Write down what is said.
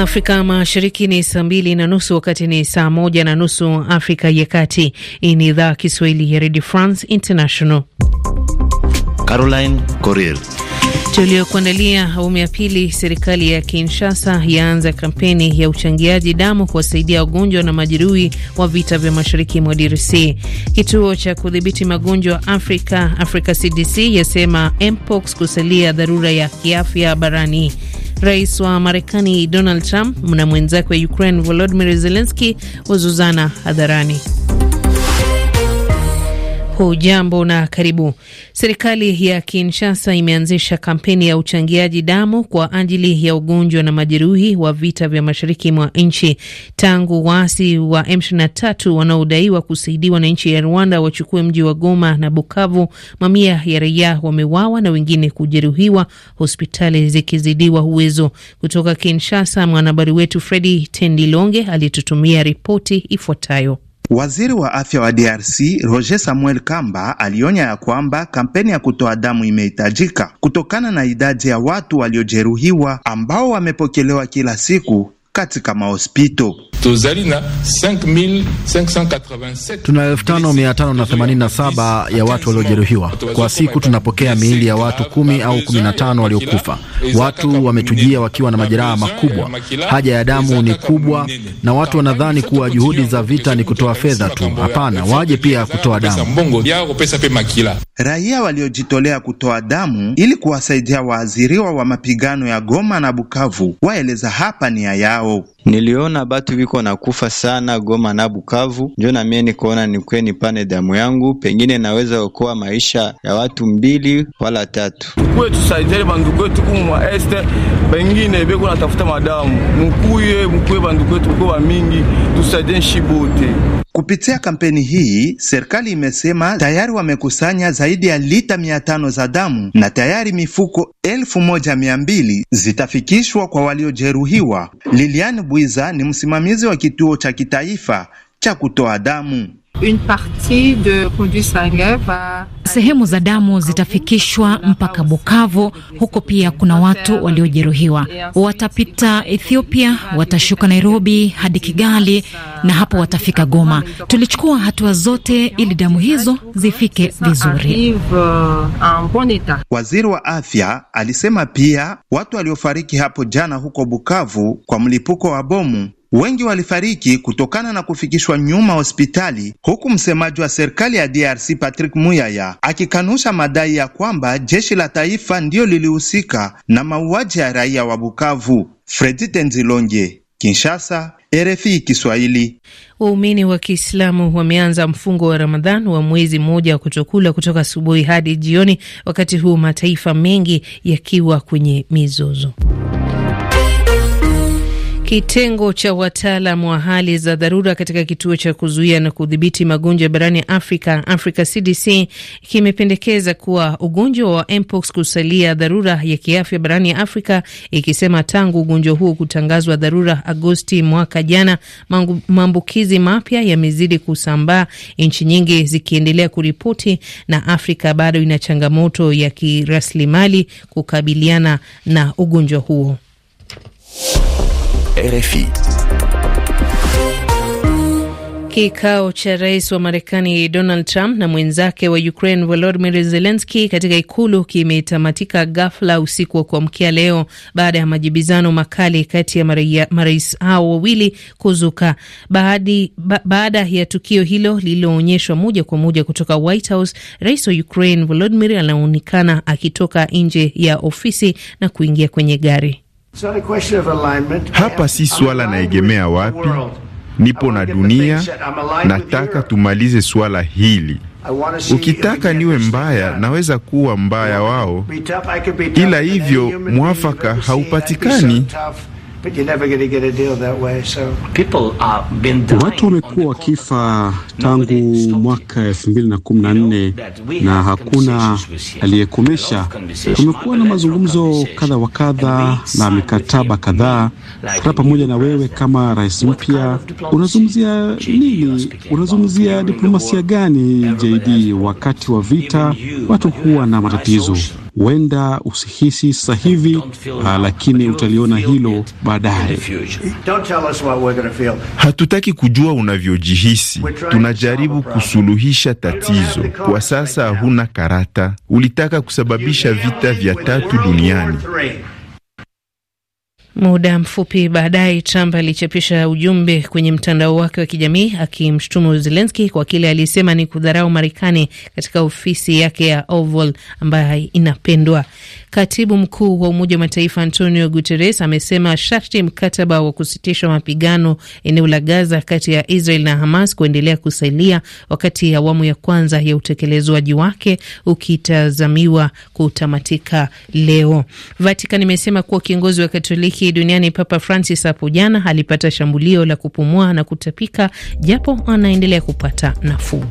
Afrika Mashariki ni saa mbili na nusu, wakati ni saa moja na nusu Afrika ya Kati. Hii ni idhaa Kiswahili ya Radio France International. Caroline Coril Tuliokuandalia awamu ya pili. Serikali ya Kinshasa yaanza kampeni ya uchangiaji damu kuwasaidia wagonjwa na majeruhi wa vita vya mashariki mwa DRC. Kituo cha kudhibiti magonjwa Afrika Africa CDC yasema mpox kusalia dharura ya kiafya barani Rais wa Marekani Donald Trump na mwenzake wa Ukraine Volodymyr Zelensky wazuzana hadharani. Hujambo na karibu. Serikali ya Kinshasa imeanzisha kampeni ya uchangiaji damu kwa ajili ya ugonjwa na majeruhi wa vita vya mashariki mwa nchi tangu waasi wa M23 wanaodaiwa kusaidiwa na nchi ya Rwanda wachukue mji wa Goma na Bukavu. Mamia ya raia wamewawa na wengine kujeruhiwa, hospitali zikizidiwa uwezo. Kutoka Kinshasa, mwanahabari wetu Fredi Tendilonge alitutumia ripoti ifuatayo. Waziri wa afya wa DRC Roger Samuel Kamba alionya ya kwamba kampeni ya kutoa damu imehitajika kutokana na idadi ya watu waliojeruhiwa ambao wamepokelewa kila siku katika mahospito. Tuna elfu tano mia tano na themanini na saba ya watu waliojeruhiwa kwa siku. Tunapokea miili ya watu kumi au kumi na tano waliokufa. Watu wametujia wakiwa na majeraha makubwa, haja ya damu ni kubwa, na watu wanadhani kuwa juhudi za vita ni kutoa fedha tu. Hapana, waje pia kutoa damu. Raia waliojitolea kutoa damu ili kuwasaidia waathiriwa wa mapigano ya Goma na Bukavu waeleza hapa nia yao. now Niliona batu viko na kufa sana Goma na Bukavu, njo namie mie nikoona nikwe nipane damu yangu, pengine naweza okoa maisha ya watu mbili wala tatu. Tukuye tusaidie banduku yetu kumu mwa este, pengine beko natafuta madamu, mukuye mukuye banduku yetu kuwa mingi, tusaidie nshi bote. Kupitia kampeni hii serikali imesema tayari wamekusanya zaidi ya lita mia tano za damu na tayari mifuko elfu moja mia mbili zitafikishwa kwa waliojeruhiwa. Lilian Bwiza ni msimamizi wa kituo cha kitaifa cha kutoa damu. Sehemu za damu zitafikishwa mpaka Bukavu. Huko pia kuna watu waliojeruhiwa, watapita Ethiopia, watashuka Nairobi hadi Kigali na hapo watafika Goma. Tulichukua hatua zote ili damu hizo zifike vizuri. Waziri wa afya alisema pia watu waliofariki hapo jana huko Bukavu kwa mlipuko wa bomu Wengi walifariki kutokana na kufikishwa nyuma hospitali, huku msemaji wa serikali ya DRC Patrick Muyaya akikanusha madai ya kwamba jeshi la taifa ndiyo lilihusika na mauaji ya raia wa Bukavu. Fredi Tenzilonge, Kinshasa, RFI Kiswahili. Waumini wa Kiislamu wameanza mfungo wa Ramadhan wa mwezi mmoja wa kutokula kutoka asubuhi hadi jioni, wakati huu mataifa mengi yakiwa kwenye mizozo. Kitengo cha wataalam wa hali za dharura katika kituo cha kuzuia na kudhibiti magonjwa barani Afrika, Africa CDC, kimependekeza kuwa ugonjwa wa mpox kusalia dharura ya kiafya barani Afrika, ikisema tangu ugonjwa huo kutangazwa dharura Agosti mwaka jana, maambukizi mapya yamezidi kusambaa, nchi nyingi zikiendelea kuripoti, na Afrika bado ina changamoto ya kirasilimali kukabiliana na ugonjwa huo. RFI. Kikao cha rais wa Marekani Donald Trump na mwenzake wa Ukraine Volodymyr Zelensky katika ikulu kimetamatika ghafla usiku wa kuamkia leo baada ya majibizano makali kati ya marais hao wawili kuzuka baadi, ba, baada ya tukio hilo lililoonyeshwa moja kwa moja kutoka White House. Rais wa Ukraine Volodymyr anaonekana akitoka nje ya ofisi na kuingia kwenye gari. Hapa si swala naegemea wapi, nipo na dunia, nataka tumalize swala hili. Ukitaka niwe mbaya, naweza kuwa mbaya wao, ila hivyo mwafaka haupatikani. Watu wamekuwa wakifa tangu mwaka elfu mbili na kumi na nne na hakuna aliyekomesha. Tumekuwa na mazungumzo kadha wa kadha na mikataba kadhaa. Kukaa pamoja na wewe kama rais mpya, unazungumzia nini? Unazungumzia diplomasia gani, JD? Wakati wa vita watu huwa na matatizo huenda usihisi sasa hivi, ah, lakini utaliona hilo baadaye. Hatutaki kujua unavyojihisi, tunajaribu kusuluhisha tatizo kwa sasa. hauna karata, ulitaka kusababisha vita vya tatu duniani Muda mfupi baadaye Trump alichapisha ujumbe kwenye mtandao wake wa kijamii akimshutumu Zelenski kwa kile aliyesema ni kudharau Marekani katika ofisi yake ya Oval ambayo inapendwa Katibu mkuu wa Umoja wa Mataifa Antonio Guterres amesema sharti mkataba wa kusitishwa mapigano eneo la Gaza kati ya Israel na Hamas kuendelea kusalia wakati awamu ya kwanza ya utekelezwaji wake ukitazamiwa kutamatika leo. Vatican imesema kuwa kiongozi wa Katoliki duniani Papa Francis hapo jana alipata shambulio la kupumua na kutapika, japo anaendelea kupata nafuu.